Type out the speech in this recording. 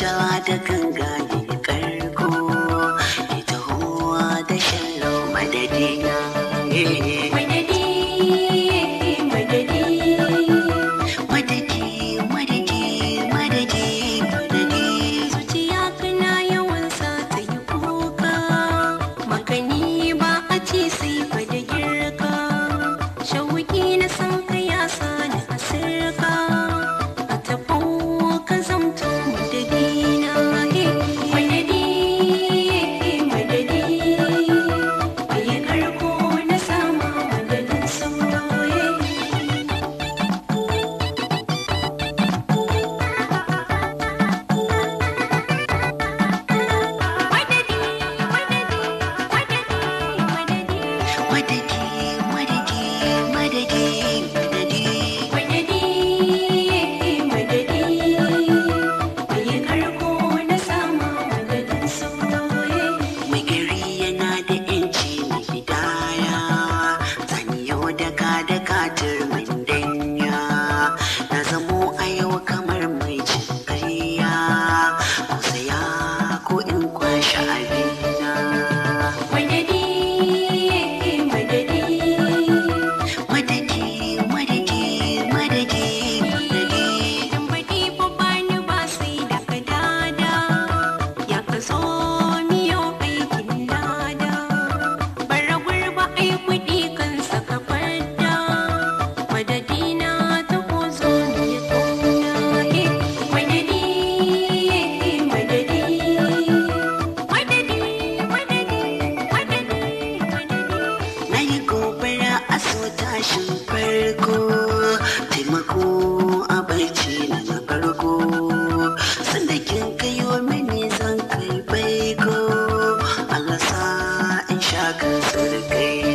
jala daga so tashin farko taimako a barci na na farko sanda kin kayo mini zan kai baiko alasa in sha kan sarkai